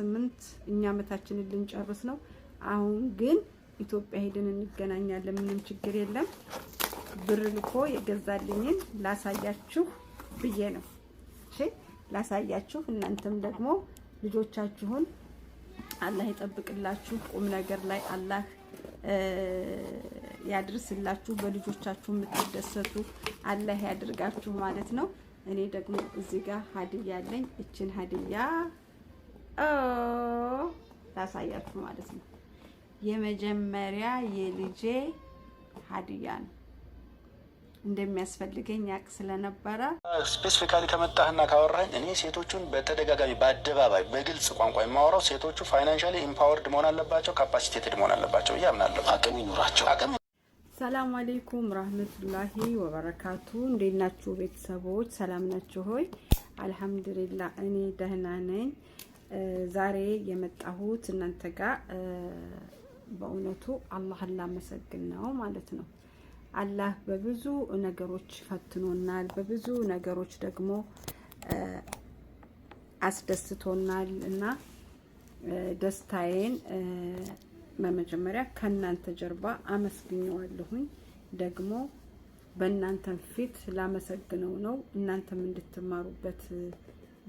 ስምንት እኛ አመታችንን ልንጨርስ ነው። አሁን ግን ኢትዮጵያ ሄደን እንገናኛለን። ምንም ችግር የለም። ብር ልኮ የገዛልኝን ላሳያችሁ ብዬ ነው። እሺ ላሳያችሁ። እናንተም ደግሞ ልጆቻችሁን አላህ ይጠብቅላችሁ። ቁም ነገር ላይ አላህ ያድርስላችሁ። በልጆቻችሁ የምትደሰቱ አላህ ያድርጋችሁ ማለት ነው። እኔ ደግሞ እዚህ ጋር ሀዲያ አለኝ። እችን ሀዲያ ታሳያችሁ ማለት ነው። የመጀመሪያ የልጄ ሀዲያ ነው እንደሚያስፈልገኝ ያቅ ስለነበረ ስፔሲፊካሊ ከመጣህና ካወራኝ እኔ ሴቶቹን በተደጋጋሚ በአደባባይ በግልጽ ቋንቋ የማወራው ሴቶቹ ፋይናንሻሊ ኢምፓወርድ መሆን አለባቸው፣ ካፓሲቴትድ መሆን አለባቸው ብዬ አምናለሁ። አቅም ይኑራቸው። ሰላም አሌይኩም ረህመቱላሂ ወበረካቱ። እንዴት ናችሁ ቤተሰቦች? ሰላም ናችሁ ሆይ? አልሐምዱሊላ እኔ ደህና ነኝ። ዛሬ የመጣሁት እናንተ ጋር በእውነቱ አላህን ላመሰግን ነው ማለት ነው። አላህ በብዙ ነገሮች ፈትኖናል፣ በብዙ ነገሮች ደግሞ አስደስቶናል እና ደስታዬን በመጀመሪያ ከእናንተ ጀርባ አመስግኘዋለሁኝ። ደግሞ በእናንተም ፊት ላመሰግነው ነው እናንተም እንድትማሩበት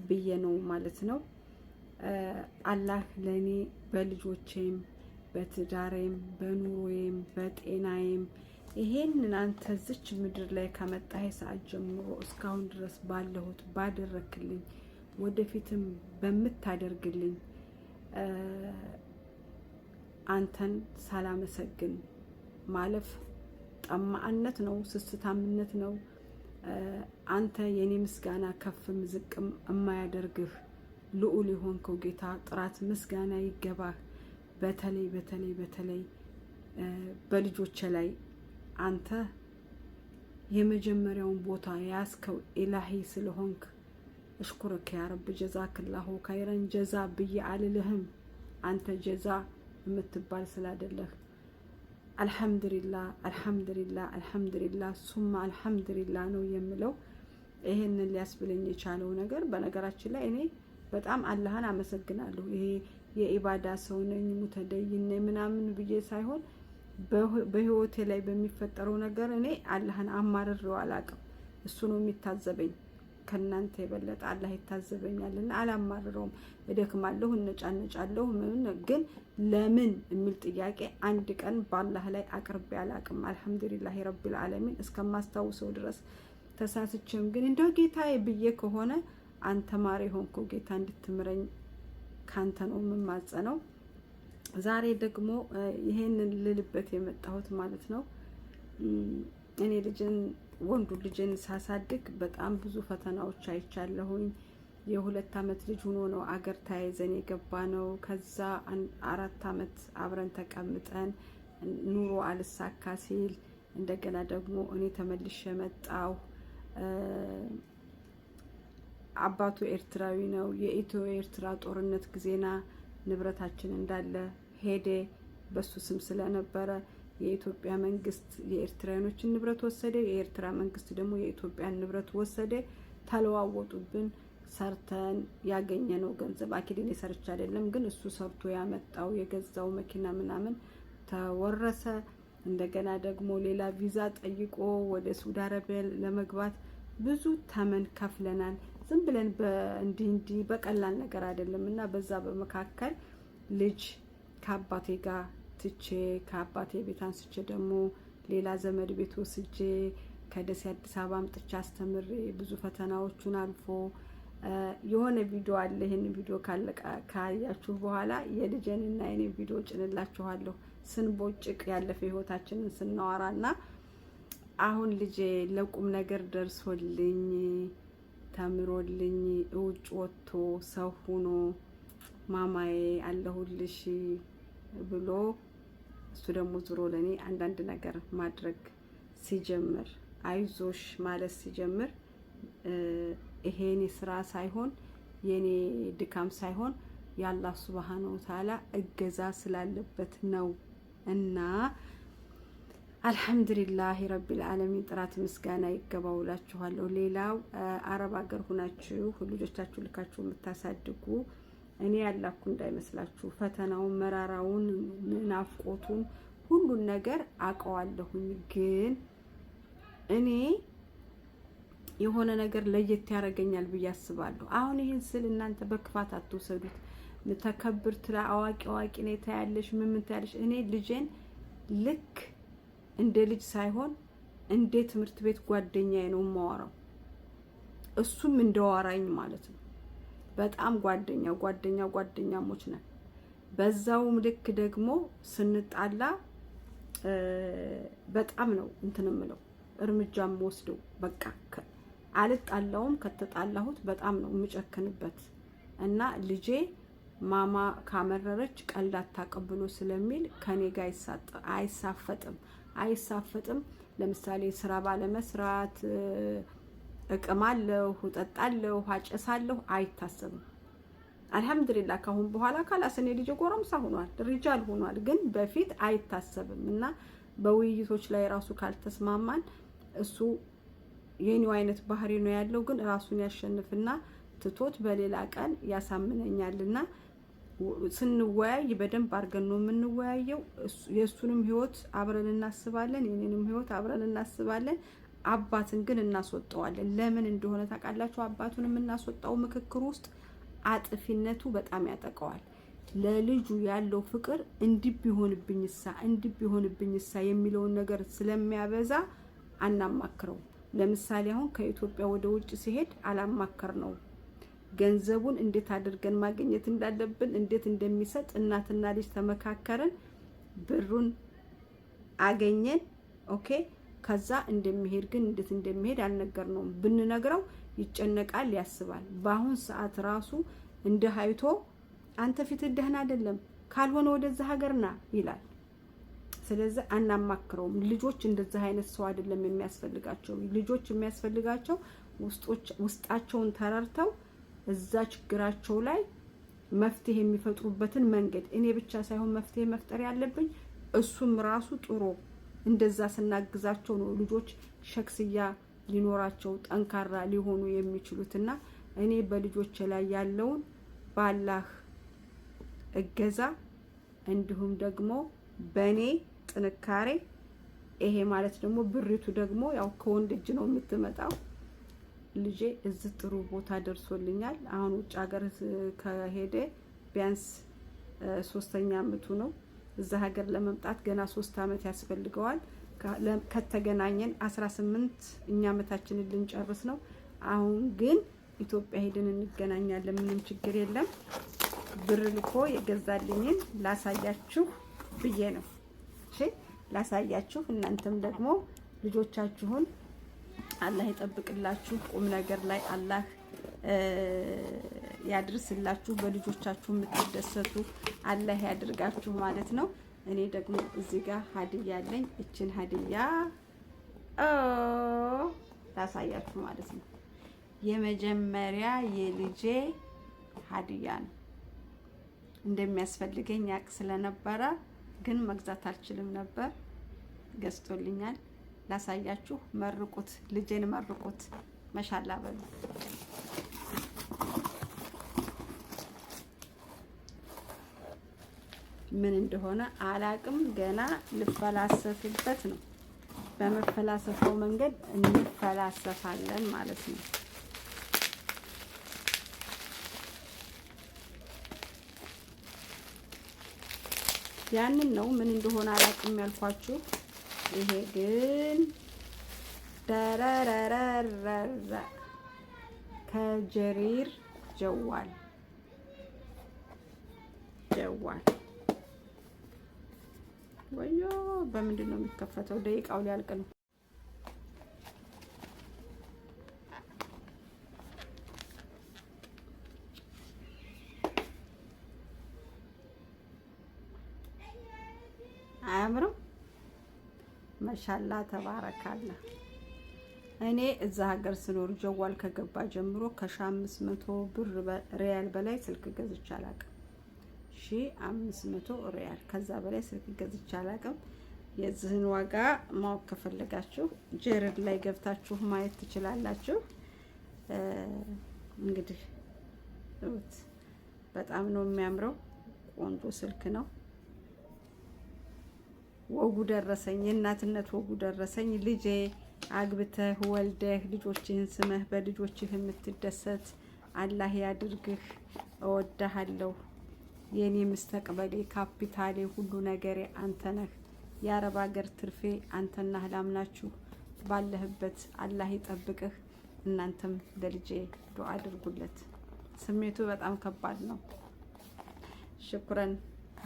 ብዬ ነው ማለት ነው። አላህ ለእኔ በልጆቼም በትዳሬም በኑሮዬም በጤናዬም ይሄንን አንተ ዝች ምድር ላይ ከመጣህ ሰዓት ጀምሮ እስካሁን ድረስ ባለሁት ባደረክልኝ ወደፊትም በምታደርግልኝ አንተን ሳላመሰግን ማለፍ ጠማአነት ነው፣ ስስታምነት ነው። አንተ የኔ ምስጋና ከፍም ዝቅም እማያደርግህ ልዑል የሆንከው ጌታ ጥራት ምስጋና ይገባህ። በተለይ በተለይ በተለይ በልጆች ላይ አንተ የመጀመሪያውን ቦታ ያስከው ኢላሂ ስለሆንክ እሽኩርክ ያረብ ጀዛ ክላሁ ካይረን ጀዛ ብዬ አልልህም። አንተ ጀዛ የምትባል ስላደለህ አልሐምድሊላ አልሐምድሊላ አልሐምድሊላ ሱማ አልሐምድሊላ ነው የምለው። ይሄንን ሊያስብለኝ የቻለው ነገር በነገራችን ላይ እኔ በጣም አላህን አመሰግናለሁ። ይሄ የኢባዳ ሰው ነኝ ሙተደይን ነኝ ምናምን ብዬ ሳይሆን በህይወቴ ላይ በሚፈጠረው ነገር እኔ አላህን አማርሬው አላቅም። እሱ ነው የሚታዘበኝ። ከእናንተ የበለጠ አላህ ይታዘበኛል እና አላማርረውም። እደክማለሁ፣ እነጫነጫለሁ ምን ግን ለምን የሚል ጥያቄ አንድ ቀን በአላህ ላይ አቅርቤ አላቅም። አልሐምዱሊላህ ረቢል ዓለሚን እስከማስታውሰው ድረስ ተሳስቼም ግን እንደው ጌታዬ ብዬ ከሆነ አንተ ማር የሆንከው ጌታ እንድትምረኝ ካንተ ነው የምማጸነው። ዛሬ ደግሞ ይሄንን ልልበት የመጣሁት ማለት ነው እኔ ልጅን ወንዱ ልጅን ሳሳድግ በጣም ብዙ ፈተናዎች አይቻለሁኝ። የሁለት አመት ልጅ ሆኖ ነው አገር ተያይዘን የገባ ነው። ከዛ አራት አመት አብረን ተቀምጠን ኑሮ አልሳካ ሲል እንደገና ደግሞ እኔ ተመልሼ መጣሁ። አባቱ ኤርትራዊ ነው። የኢትዮ ኤርትራ ጦርነት ጊዜና ንብረታችን እንዳለ ሄደ በሱ ስም ስለነበረ የኢትዮጵያ መንግስት የኤርትራውያኖችን ንብረት ወሰደ። የኤርትራ መንግስት ደግሞ የኢትዮጵያን ንብረት ወሰደ። ተለዋወጡብን። ሰርተን ያገኘ ነው ገንዘብ አኪድን የሰርች አይደለም ግን እሱ ሰርቶ ያመጣው የገዛው መኪና ምናምን ተወረሰ። እንደገና ደግሞ ሌላ ቪዛ ጠይቆ ወደ ሳውዲ አረቢያ ለመግባት ብዙ ተመን ከፍለናል። ዝም ብለን እንዲህ እንዲህ በቀላል ነገር አይደለም እና በዛ በመካከል ልጅ ከአባቴ ጋር ትቼ ከአባቴ ቤት አንስቼ ደግሞ ሌላ ዘመድ ቤት ወስጄ ከደሴ አዲስ አበባ አምጥቼ አስተምሬ ብዙ ፈተናዎቹን አልፎ የሆነ ቪዲዮ አለ። ይህን ቪዲዮ ካያችሁ በኋላ የልጄን እና የኔን ቪዲዮ ጭንላችኋለሁ። ስንቦጭቅ ያለፈ ህይወታችንን እና አሁን ልጄ ለቁም ነገር ደርሶልኝ ተምሮልኝ እውጭ ወጥቶ ሰው ሁኖ ማማዬ አለሁልሽ ብሎ እሱ ደግሞ ዞሮ ለእኔ አንዳንድ ነገር ማድረግ ሲጀምር አይዞሽ ማለት ሲጀምር ይሄ የኔ ስራ ሳይሆን የኔ ድካም ሳይሆን የአላህ ሱብሃነሁ ወተዓላ እገዛ ስላለበት ነው እና አልሐምዱሊላህ ረቢል ዓለሚን ጥራት ምስጋና ይገባውላችኋለሁ። ሌላው አረብ ሀገር ሁናችሁ ልጆቻችሁ ልካችሁ የምታሳድጉ እኔ ያላኩ እንዳይመስላችሁ። ፈተናውን፣ መራራውን፣ ምናፍቆቱን ሁሉን ነገር አውቀዋለሁኝ። ግን እኔ የሆነ ነገር ለየት ያደርገኛል ብዬ አስባለሁ። አሁን ይህን ስል እናንተ በክፋት አትውሰዱት። ተከብር ትላ አዋቂ አዋቂ ነ ታያለሽ፣ ምን ምን ታያለሽ። እኔ ልጄን ልክ እንደ ልጅ ሳይሆን እንደ ትምህርት ቤት ጓደኛዬ ነው የማወራው። እሱም እንደዋራኝ ማለት ነው። በጣም ጓደኛ ጓደኛ ጓደኛሞች ነን። በዛውም ልክ ደግሞ ስንጣላ በጣም ነው እንትን እምለው እርምጃም ወስደው በቃ አልጣላውም። ከተጣላሁት በጣም ነው የምጨክንበት እና ልጄ ማማ ካመረረች ቀልድ አታቀብሎ ስለሚል ከኔ ጋር አይሳፈጥም አይሳፈጥም። ለምሳሌ ስራ ባለመስራት እቅማለሁ፣ እጠጣለሁ፣ አጨሳለሁ አይታሰብም። አልሐምዱሊላ ካሁን በኋላ ካላስ እኔ ልጅ ጎረምሳ ሆኗል፣ ሪጃል ሆኗል። ግን በፊት አይታሰብም እና በውይይቶች ላይ ራሱ ካልተስማማን እሱ የኔው አይነት ባህሪ ነው ያለው። ግን ራሱን ያሸንፍና ትቶት በሌላ ቀን ያሳምነኛልና ስንወያይ በደንብ አድርገን ነው የምንወያየው። የእሱንም ህይወት አብረን እናስባለን፣ የኔንም ህይወት አብረን እናስባለን። አባትን ግን እናስወጠዋለን። ለምን እንደሆነ ታውቃላችሁ? አባቱን የምናስወጣው ምክክር ውስጥ አጥፊነቱ በጣም ያጠቀዋል። ለልጁ ያለው ፍቅር እንዲህ ቢሆንብኝሳ እንዲህ ሳ የሚለውን ነገር ስለሚያበዛ አናማክረው። ለምሳሌ አሁን ከኢትዮጵያ ወደ ውጭ ሲሄድ አላማከር ነው ገንዘቡን እንዴት አድርገን ማግኘት እንዳለብን እንዴት እንደሚሰጥ እናትና ልጅ ተመካከረን፣ ብሩን አገኘን። ኦኬ። ከዛ እንደሚሄድ ግን እንዴት እንደሚሄድ አልነገርነውም። ብንነግረው ይጨነቃል፣ ያስባል። በአሁን ሰዓት ራሱ እንደ ሀይቶ አንተ ፊት ደህና አይደለም፣ ካልሆነ ወደዛ ሀገር ና ይላል። ስለዚህ አናማክረውም። ልጆች እንደዚህ አይነት ሰው አይደለም የሚያስፈልጋቸው። ልጆች የሚያስፈልጋቸው ውስጣቸውን ተረርተው። እዛ ችግራቸው ላይ መፍትሄ የሚፈጥሩበትን መንገድ እኔ ብቻ ሳይሆን መፍትሄ መፍጠር ያለብኝ እሱም ራሱ ጥሩ። እንደዛ ስናግዛቸው ነው ልጆች ሸክስያ ሊኖራቸው ጠንካራ ሊሆኑ የሚችሉትና እኔ በልጆች ላይ ያለውን ባላህ እገዛ እንዲሁም ደግሞ በእኔ ጥንካሬ ይሄ ማለት ደግሞ ብሪቱ ደግሞ ያው ከወንድ እጅ ነው የምትመጣው። ልጄ እዚህ ጥሩ ቦታ ደርሶልኛል። አሁን ውጭ ሀገር ከሄደ ቢያንስ ሶስተኛ አመቱ ነው። እዛ ሀገር ለመምጣት ገና ሶስት አመት ያስፈልገዋል። ከተገናኘን አስራ ስምንት እኛ አመታችንን ልንጨርስ ነው። አሁን ግን ኢትዮጵያ ሄደን እንገናኛለን። ምንም ችግር የለም። ብር ልኮ የገዛልኝን ላሳያችሁ ብዬ ነው። ላሳያችሁ። እናንተም ደግሞ ልጆቻችሁን አላህ ይጠብቅላችሁ። ቁም ነገር ላይ አላህ ያድርስላችሁ። በልጆቻችሁ የምትደሰቱ አላህ ያድርጋችሁ ማለት ነው። እኔ ደግሞ እዚህ ጋር ሀዲያ አለኝ። እችን ሀዲያ ላሳያችሁ ማለት ነው። የመጀመሪያ የልጄ ሀዲያ ነው። እንደሚያስፈልገኝ ያቅ ስለነበረ ግን መግዛት አልችልም ነበር፣ ገዝቶልኛል። ላሳያችሁ። መርቁት፣ ልጄን መርቁት። መሻላ በሉ። ምን እንደሆነ አላቅም። ገና ልፈላሰፍበት ነው። በመፈላሰፈው መንገድ እንፈላሰፋለን ማለት ነው። ያንን ነው ምን እንደሆነ አላቅም ያልኳችሁ። ይሄ ግን ደረረረረ ከጀሪር ጀዋል ጀዋል ወዮ በምንድን ነው የሚከፈተው? ደቂቃው ሊያልቅ ነው። ማሻላ ተባረካለ። እኔ እዛ ሀገር ስኖር ጀዋል ከገባ ጀምሮ ከ 500 ብር ሪያል በላይ ስልክ ገዝቼ አላውቅም። ሺ 500 ሪያል ከዛ በላይ ስልክ ገዝቼ አላውቅም። የዚህን ዋጋ ማወቅ ከፈለጋችሁ ጀርድ ላይ ገብታችሁ ማየት ትችላላችሁ። እንግዲህ በጣም ነው የሚያምረው። ቆንጆ ስልክ ነው። ወጉ ደረሰኝ፣ የእናትነት ወጉ ደረሰኝ። ልጄ አግብተህ ወልደህ ልጆችህን ስመህ በልጆችህ የምትደሰት አላህ ያድርግህ። እወዳሃለሁ። የእኔ ምስተቅበሌ ካፒታሌ፣ ሁሉ ነገሬ አንተ ነህ። የአረብ ሀገር ትርፌ አንተና ህላም ናችሁ። ባለህበት አላህ ይጠብቅህ። እናንተም ለልጄ ዱዓ አድርጉለት። ስሜቱ በጣም ከባድ ነው። ሽኩረን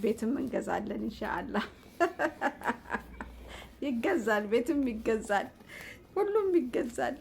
ቤትም እንገዛለን ኢንሻአላህ። ይገዛል፣ ቤትም ይገዛል፣ ሁሉም ይገዛል።